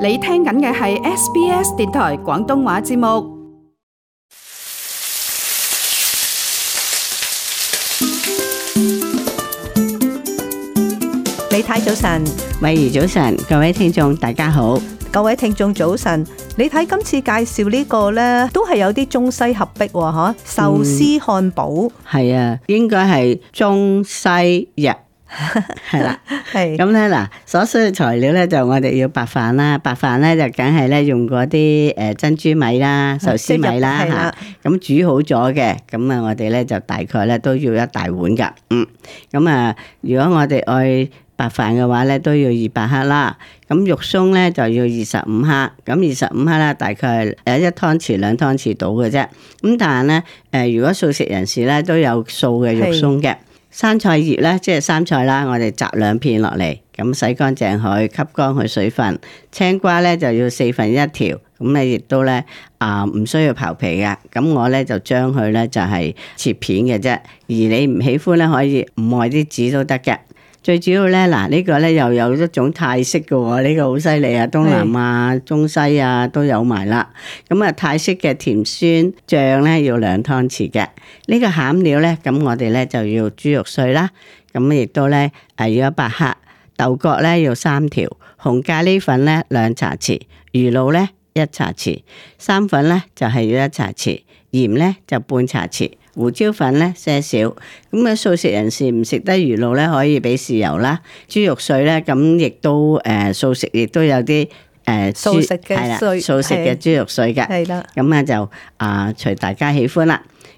你聽緊嘅係 SBS 電台廣東話節目。李太早晨，偉兒早晨，各位聽眾大家好，各位聽眾早晨。你睇今次介紹呢個咧，都係有啲中西合璧，喎，壽司漢堡，係啊，應該係中西日。係啦，係咁咧嗱，所需嘅材料咧就我哋要白飯啦，白飯咧就梗係咧用嗰啲誒珍珠米啦、壽司米啦吓，咁 煮好咗嘅，咁啊我哋咧就大概咧都要一大碗噶，嗯，咁啊如果我哋愛白飯嘅話咧都要二百克啦，咁肉鬆咧就要二十五克，咁二十五克啦，大概誒一湯匙兩湯匙到嘅啫，咁但係咧誒如果素食人士咧都有素嘅肉鬆嘅。生菜葉咧，即係生菜啦，我哋摘兩片落嚟，咁洗乾淨佢，吸乾佢水分。青瓜咧就要四分一條，咁你亦都咧啊，唔需要刨皮嘅。咁我咧就將佢咧就係切片嘅啫，而你唔喜歡咧，可以唔愛啲籽都得嘅。最主要咧，嗱、這、呢個咧又有一種泰式嘅喎，呢、這個好犀利啊！東南亞、是中西啊都有埋啦。咁啊，泰式嘅甜酸醬咧要兩湯匙嘅。這個、餡呢個餡料咧，咁我哋咧就要豬肉碎啦。咁亦都咧誒要一百克，豆角咧要三條，紅咖喱粉咧兩茶匙，魚露咧一茶匙，生粉咧就係要一茶匙，鹽咧就半茶匙，胡椒粉咧少少，咁啊素食人士唔食得魚露咧，可以俾豉油啦，豬肉碎咧，咁亦都誒、呃、素食亦都有啲誒、呃、素食嘅了素食嘅豬肉碎㗎，咁啊了就啊、呃、隨大家喜歡啦。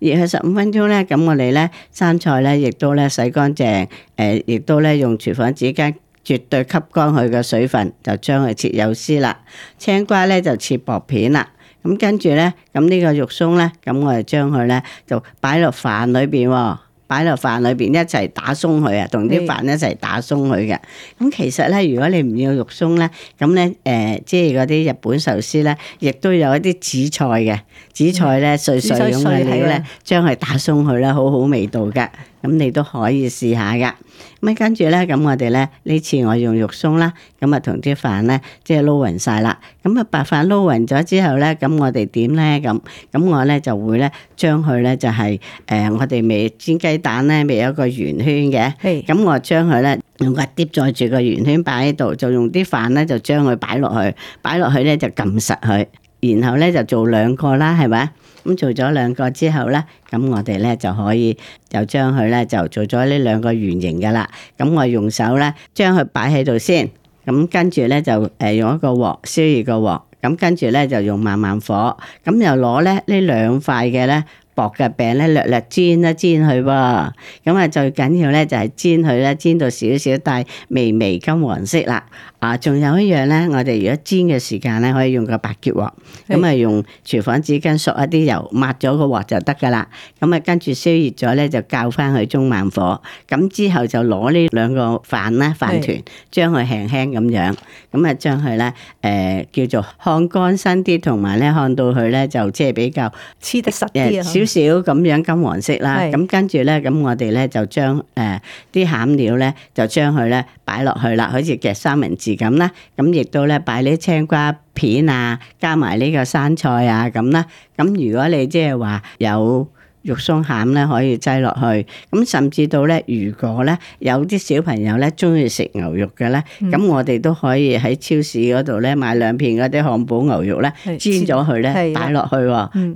熱去十五分鐘咧，咁我哋咧生菜咧，亦都咧洗乾淨，誒、呃，亦都咧用廚房紙巾絕對吸乾佢嘅水分，就將佢切幼絲啦。青瓜咧就切薄片啦。咁跟住咧，咁呢個肉鬆咧，咁我哋將佢咧就擺落飯裏邊喎。擺落飯裏邊一齊打鬆佢啊，同啲飯一齊打鬆佢嘅。咁是其實咧，如果你唔要肉鬆咧，咁咧誒，即係嗰啲日本壽司咧，亦都有一啲紫菜嘅，紫菜咧碎碎咁樣咧，將佢、嗯、打鬆佢啦，好好味道噶。咁你都可以試下㗎，咁跟住咧，咁我哋咧呢次我用肉鬆啦，咁啊同啲飯咧即係撈勻晒啦，咁、就、啊、是、白飯撈勻咗之後咧，咁我哋點咧咁？咁我咧就會咧將佢咧就係、是、誒、呃，我哋未煎雞蛋咧未有一個圓圈嘅，咁是我將佢咧用個碟載住個圓圈擺喺度，就用啲飯咧就將佢擺落去，擺落去咧就撳實佢。然後咧就做兩個啦，係咪？咁做咗兩個之後咧，咁我哋咧就可以就將佢咧就做咗呢兩個圓形嘅啦。咁我用手咧將佢擺喺度先。咁跟住咧就誒用一個鑊燒熱個鑊，咁跟住咧就用慢慢火。咁又攞咧呢兩塊嘅咧薄嘅餅咧，略略煎一、啊、煎佢喎。咁啊最緊要咧就係煎佢咧，煎到少少帶微微金黃色啦。啊，仲有一樣咧，我哋如果煎嘅時間咧，可以用個白鐵鑊，咁啊是用廚房紙巾索一啲油，抹咗個鑊就得噶啦。咁啊跟住燒熱咗咧，就教翻去中慢火。咁之後就攞呢兩個飯咧飯團，將佢輕輕咁樣，咁啊是將佢咧誒叫做看乾身啲，同埋咧看到佢咧就即係比較黐得實、yeah, 少少咁樣金黃色啦。咁是跟住咧，咁我哋咧就將誒啲、呃、餡料咧就將佢咧擺落去啦，好似夾三文治。咁啦，咁亦都咧擺啲青瓜片啊，加埋呢個生菜啊，咁啦，咁如果你即係話有肉鬆餡咧可以擠落去，咁甚至到咧，如果咧有啲小朋友咧中意食牛肉嘅咧，咁、嗯、我哋都可以喺超市嗰度咧買兩片嗰啲漢堡牛肉咧是煎咗佢咧擺落去，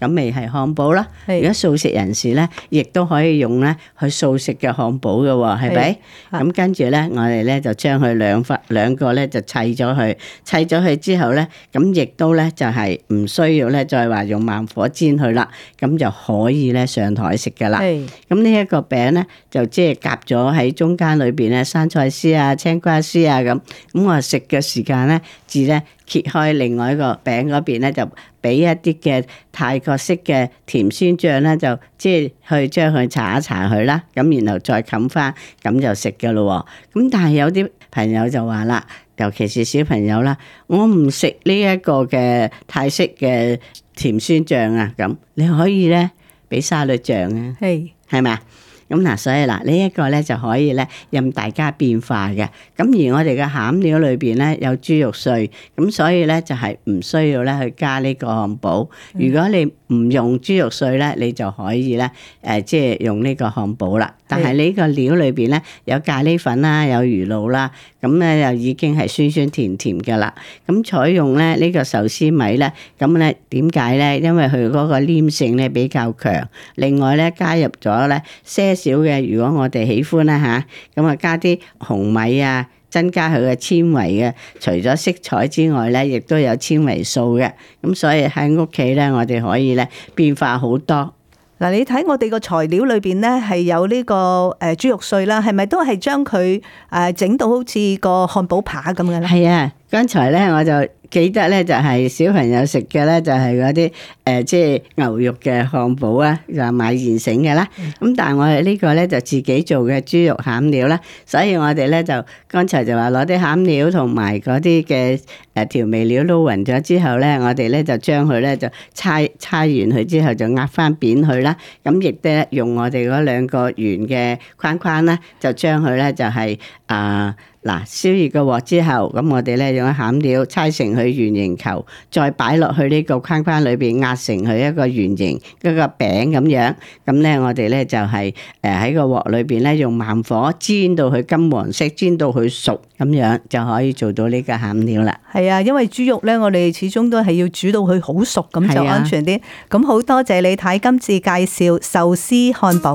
咁咪係漢堡啦。如果的素食人士咧，亦都可以用咧去素食嘅漢堡嘅喎，係咪？咁的跟住咧，我哋咧就將佢兩塊兩個咧就砌咗佢，砌咗佢之後咧，咁亦都咧就係唔需要咧再話用慢火煎佢啦，咁就可以咧。上台食噶啦，咁、嗯、呢一個餅咧就即係夾咗喺中間裏邊咧，生菜絲啊、青瓜絲啊咁。咁我食嘅時間咧，至咧揭開另外一個餅嗰邊咧，就俾一啲嘅泰國式嘅甜酸醬咧，就即係去將佢搽一搽佢啦。咁然後再冚翻，咁就食噶咯。咁但係有啲朋友就話啦，尤其是小朋友啦，我唔食呢一個嘅泰式嘅甜酸醬啊。咁你可以咧。俾沙律醬啊，係，係咪啊？咁嗱，所以嗱呢一個咧就可以咧任大家變化嘅。咁而我哋嘅餡料裏邊咧有豬肉碎，咁所以咧就係唔需要咧去加呢個漢堡。如果你唔用豬肉碎咧，你就可以咧誒即係用呢個漢堡啦。但係你呢個料裏邊咧有咖喱粉啦，有魚露啦，咁咧就已經係酸酸甜甜嘅啦。咁採用咧呢個壽司米咧，咁咧點解咧？因為佢嗰個黏性咧比較強。另外咧加入咗咧些。少嘅，如果我哋喜歡啦吓，咁啊加啲紅米啊，增加佢嘅纖維嘅。除咗色彩之外咧，亦都有纖維素嘅。咁所以喺屋企咧，我哋可以咧變化好多。嗱，你睇我哋個材料裏邊咧，係有呢個誒豬肉碎啦，係咪都係將佢誒整到好似個漢堡扒咁嘅咧？係啊，剛才咧我就。記得咧就係小朋友食嘅咧就係嗰啲誒即係牛肉嘅漢堡啊，又、就係、買現成嘅啦。咁但係我哋呢個咧就自己做嘅豬肉餡料啦。所以我哋咧就剛才就話攞啲餡料同埋嗰啲嘅誒調味料撈勻咗之後咧，我哋咧就將佢咧就搓搓完佢之後就壓返扁佢啦。咁亦都用我哋嗰兩個圓嘅框框咧，就將佢咧就係、係、啊～、呃嗱，燒熱個鑊之後，咁我哋咧用餡料搓成佢圓形球，再擺落去呢個框框裏邊壓成佢一個圓形一個餅咁樣。咁咧我哋咧就係誒喺個鑊裏邊咧用慢火煎到佢金黃色，煎到佢熟咁樣就可以做到呢個餡料啦。係啊，因為豬肉咧，我哋始終都係要煮到佢好熟咁就安全啲。咁好多謝你睇今次介紹壽司漢堡。